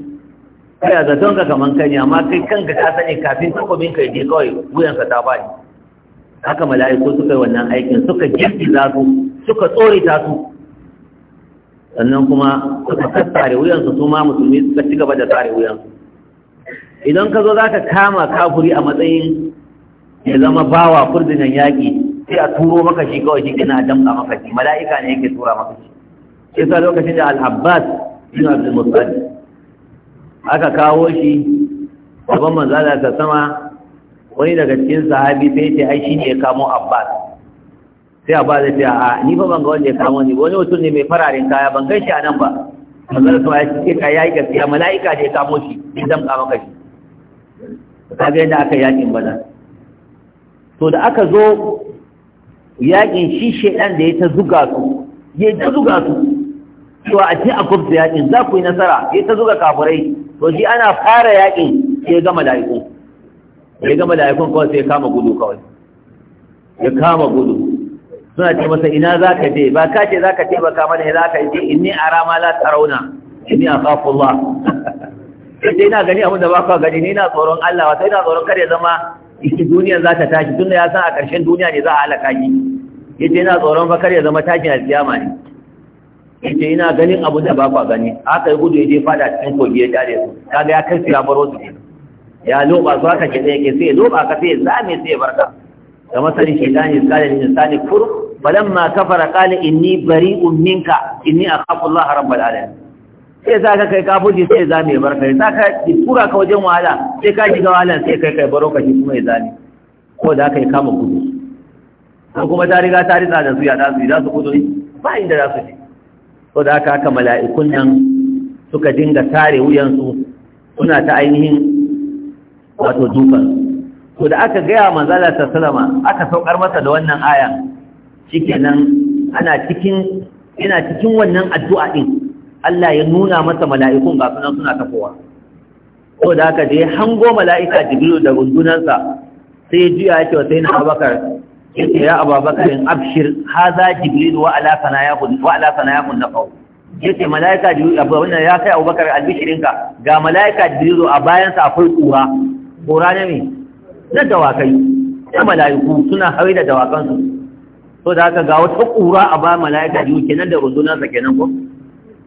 kai a zaton ka kaman kai ne amma kai kanka ka sani kafin takobin ka je kawai wuyanka ta faɗi haka mala'iku suka yi wannan aikin suka za su suka ta su sannan kuma suka sassare wuyansu su ma musulmi suka ci gaba da sare wuyansu idan ka zo za ka kama kafuri a matsayin ya zama bawa furdunan yaƙi sai a turo maka shi kawai shi gina damƙa maka shi mala'ika ne yake tura maka shi sai sa lokacin da al habbas na abdul musali aka kawo shi gaban manzo Allah ta sama wani daga cikin sahabi sai ya ce ai shine ya kamo abbas sai abbas ya ce a ni fa ban ga wanda ya kamo ni wani mutum ne mai fararen kaya ban gan shi a nan ba manzo Allah ya ce kai ya gaskiya mala'ika ne ya kamo shi ya damƙa maka shi kaga yadda aka yakin bana, to da aka zo yakin shi shaidan da ya ta zuga su ya ta zuga su cewa a ce a kubta yakin za ku yi nasara ya ta zuga kafirai to shi ana fara yakin ya gama da'ikun ya gama da'ikun kawai sai ya kama gudu kawai ya kama gudu suna ce masa ina za ka je ba ka ce za ka taimaka mana ya za ka je inni a rama la tarauna inni a kafin inda ina gani abin da ba ka gani ni ina tsoron Allah wata ina tsoron kare zama duniya za ta tashi tunda ya san a ƙarshen duniya ne za a halaka ki yace ina tsoron fa kare zama tashin alkiyama ne yace ina ganin abin da ba ka gani aka yi gudu ya je fada cikin kogi ya tare su kaga ya kai ya baro su ne ya loba su haka ke tsaye ke sai loba ka sai zame sai barka ga masarin shaitani kale ne insani fur falamma kafara qala inni bari'un minka inni akhafu Allah rabbul alamin sai za ka kai kafuji sai zame barka kai za ka tura ka wajen wahala sai ka shiga wahala sai kai kai baro ka shi kuma ya zame ko da aka kama gudu ko kuma ta riga ta riga da su ya za su yi za su gudu ba inda za su je ko da aka haka mala'ikun nan suka dinga tare wuyansu suna ta ainihin wato duka. to da aka gaya manzala ta salama aka saukar masa da wannan aya shikenan ana cikin ina cikin wannan addu'a din Allah ya nuna masa mala'ikun ba suna suna tafowa ko da aka je hango mala'ika jibiru da rundunansa sai juya ya ce wa sai na abakar ya ce ya ababakar in abshir haza jibril wa ala sanayakun wa ala sanayakun nafau kawo. ce mala'ika jibiru abu wannan ya kai abubakar albishirinka ga mala'ika jibiru a bayansa akwai kura kura ne me na dawakai na mala'iku suna hawi da dawakansu so da aka ga wata kura a ba mala'ika jibiru kenan da rundunansa kenan ko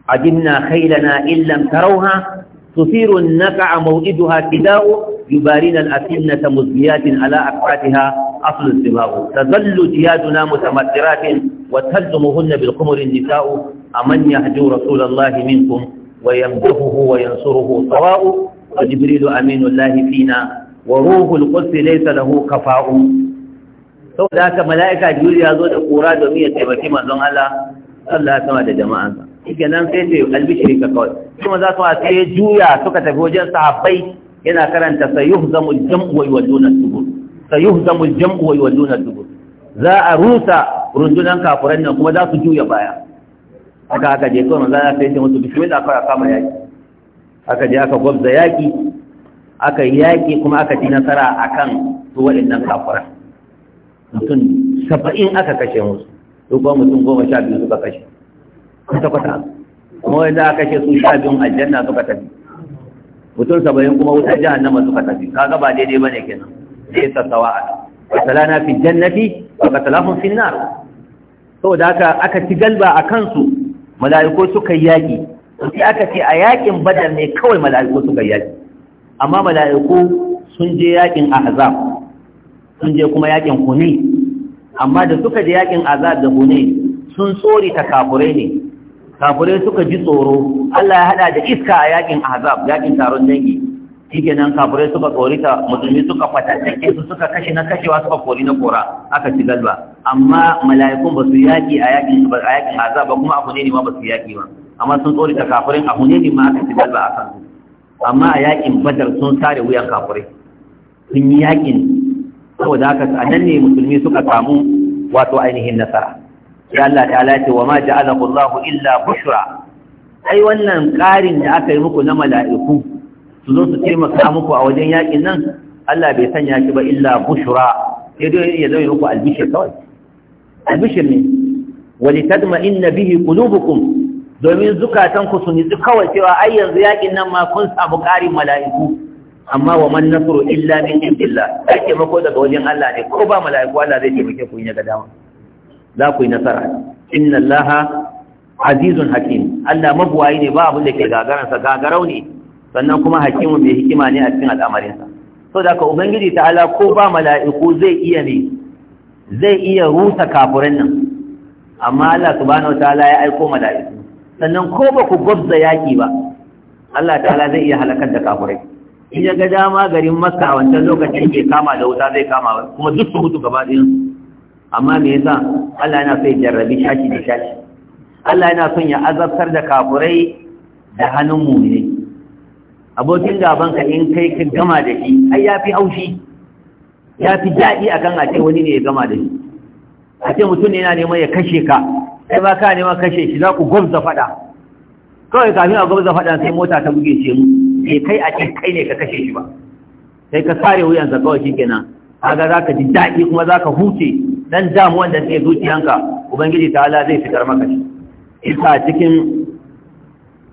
عجبنا خيلنا إن لم تروها تثير النفع موئدها فداء يبارين الأسنة مزبيات على أكفاتها أصل السماء تظل جيادنا متمترات وتلزمهن بالقمر النساء أمن يهجو رسول الله منكم ويمدحه وينصره سواء وجبريل أمين الله فينا وروح القدس ليس له كفاء sau da haka mala'ika juriya zo da ƙura domin ya taimaki manzon Allah, Allah ya sama da jama'ansa. shi nan sai ce albishiri ka kawai kuma za su ma sai juya suka tafi wajen sahabbai yana karanta sayuhzamu jam'u wa dubu. dubur sayuhzamu jam'u wa yuwalluna dubu. za a rusa rundunan kafuran nan kuma za su juya baya aka aka je kawai manzo Allah sai ce musu na kawai kama yaki aka je aka gwabza yaki aka yi yaki kuma aka ci nasara akan su waɗannan kafuran mutum saba'in aka kashe musu duk mutum goma sha biyu suka kashe kwata-kwata kuma wanda aka ce su sha biyun aljanna suka tafi mutum saba'in kuma wutar jahannama suka tafi kaga ba daidai bane kenan sai sassawa a na fi jannati wa mun fi nar saboda haka aka ci galba a kansu mala'iku suka yaki sai aka ce a yakin badar ne kawai mala'iku suka yaki amma mala'iku sun je yakin azab sun je kuma yakin huni amma da suka je yakin azab da huni sun tsori ta kafurai ne kafirai suka ji tsoro Allah ya hada da iska a yakin azab yakin taron dangi shikenan kafirai suka ta musulmi suka take su suka kashe na kashewa suka kori na kora aka ci galba amma mala'ikun ba su yaki a yakin a yakin azab ba kuma abu ne ma ba su yaki ba amma sun ta kafirin abu ne ma aka ci galba a kan amma a yakin badar sun sare wuyan kafirai sun yi yakin saboda haka a nan ne musulmi suka samu wato ainihin nasara sai Allah ta'ala ce wa ma ja'alahu Allahu illa bushra ai wannan ƙarin da aka yi muku na mala'iku su zo su taimaka muku a wajen yakin nan Allah bai sanya shi ba illa bushra sai dai ya zama muku albishir kawai albishir ne wali tadma inna bihi qulubukum domin zukatan ku su nitsu kawai cewa ai yanzu yakin nan ma kun samu ƙarin mala'iku amma wa man nasru illa min indillah ai mako daga wajen Allah ne ko ba mala'iku Allah zai taimake ku in ya ga dama za ku yi nasara inna allaha azizun hakim Allah mabuwayi ne ba abin da ke gagaransa gagarau ne sannan kuma hakimun bai hikima ne a cikin al'amarinsa so da ka ubangiji ta ala ko ba mala'iku zai iya ne zai iya rusa kafuran nan amma Allah subhanahu ta'ala ya aiko mala'iku sannan ko ba ku gwabza yaki ba Allah ta'ala zai iya halakar da kafurai in ya ga dama garin Makka a wancan lokacin ke kama da wuta zai kama kuma duk su mutu gaba ɗayan amma me yasa Allah yana so ya jarrabi shashi da shashi Allah yana son ya azabtar da kafurai da hannun mu'mini abokin gaban ka in kai ka gama da shi ai yafi haushi yafi daɗi akan a ce wani ne ya gama da shi a ce mutum ne yana neman ya kashe ka sai ba ka neman kashe shi za ku gwabza faɗa kawai kafin a gwabza faɗa sai mota ta buge shi mu sai kai a ce kai ne ka kashe shi ba sai ka sare wuyansa kawai shi kenan kaga za ka ji daɗi kuma za ka huce dan damuwan da ke zuciyanka ubangiji ala zai fitar maka shi isa cikin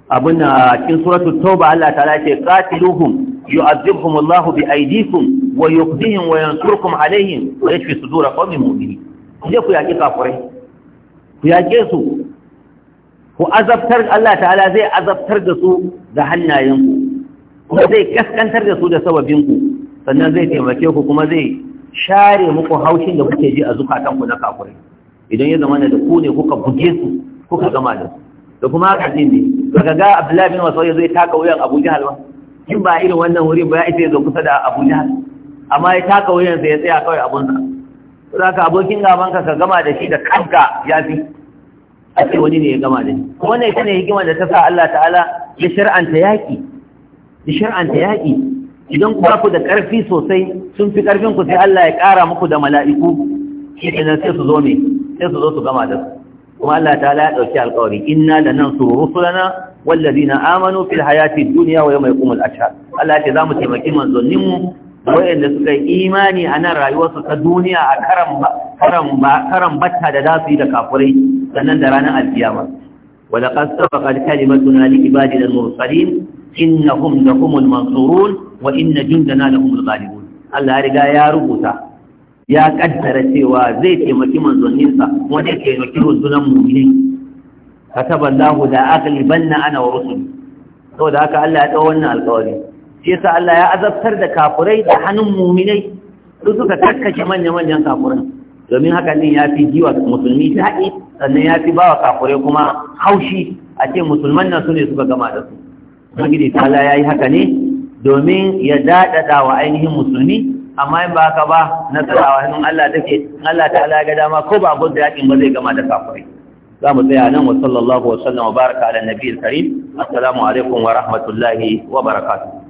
abin a cikin suratul tauba Allah ta'ala ce qatiluhum yu'adhibuhum Allah bi aydikum wa yuqdihim wa yansurkum alaihim wa yashfi sudur qaumin mu'minin je ku yaƙi kafirai ku yaƙe su ku azabtar Allah ta'ala zai azabtar da su da hannayenku kuma zai kaskantar da su da ku, sannan zai taimake ku kuma zai share muku haushin da kuke ji a zukatanku na kafirai idan ya zama da ku ne kuka buge su kuka gama da su da kuma haka din ne daga ga Abdullahi bin Mas'ud zai taka wuyan Abu Jihar ba in ba irin wannan wuri ba ya ita zo kusa da Abu Jihar. amma ya taka wuyan sai ya tsaya kawai abun sa ka abokin gaban ka ka gama da shi da kanka ya fi a ce wani ne ya gama da shi wannan ita ne hikimar da ta sa Allah ta'ala ya shar'anta yaki ya shar'anta yaki idan ku ku da ƙarfi sosai sun fi ƙarfin ku sai Allah ya ƙara muku da mala'iku shi sai su zo ne sai su zo su gama da su kuma Allah ta'ala ya ɗauki alƙawari inna da nan su rusulana wallazina amanu fil hayati dunya wa yawma yaqumul ashhad Allah ya ce za mu taimaki manzonnin mu wayanda suka yi imani a nan rayuwarsu ta duniya a karan batta da za su yi da kafurai sannan da ranar alkiyama ولقد سبقت كلمتنا لعبادنا المرسلين إنهم لهم المنصورون wa inna jundana lahumul ghalibun Allah ya riga ya rubuta ya kaddara cewa zai taimaki manzanninsa kuma zai taimaki sunan mu'minin kataba Allahu da banna ana wa rusuli saboda haka Allah ya dawo wannan alƙawari shi yasa Allah ya azabtar da kafurai da hannun mu'minai su suka kakkashe manya-manyan kafuran domin haka ne ya fi jiwa musulmi daɗi sannan ya fi bawa kafurai kuma haushi a ce musulman nan su ne suka gama da su. Magidi ta ya yi haka ne domin ya daɗaɗa wa ainihin musulmi amma in ba haka ba nasara wa hannun Allah take Allah ta'ala ga dama ko ba gudu yaƙin ba zai gama da kafirai za mu tsaya nan wa sallallahu wa sallam wa baraka ala nabiyil karim assalamu alaikum wa rahmatullahi wa barakatuh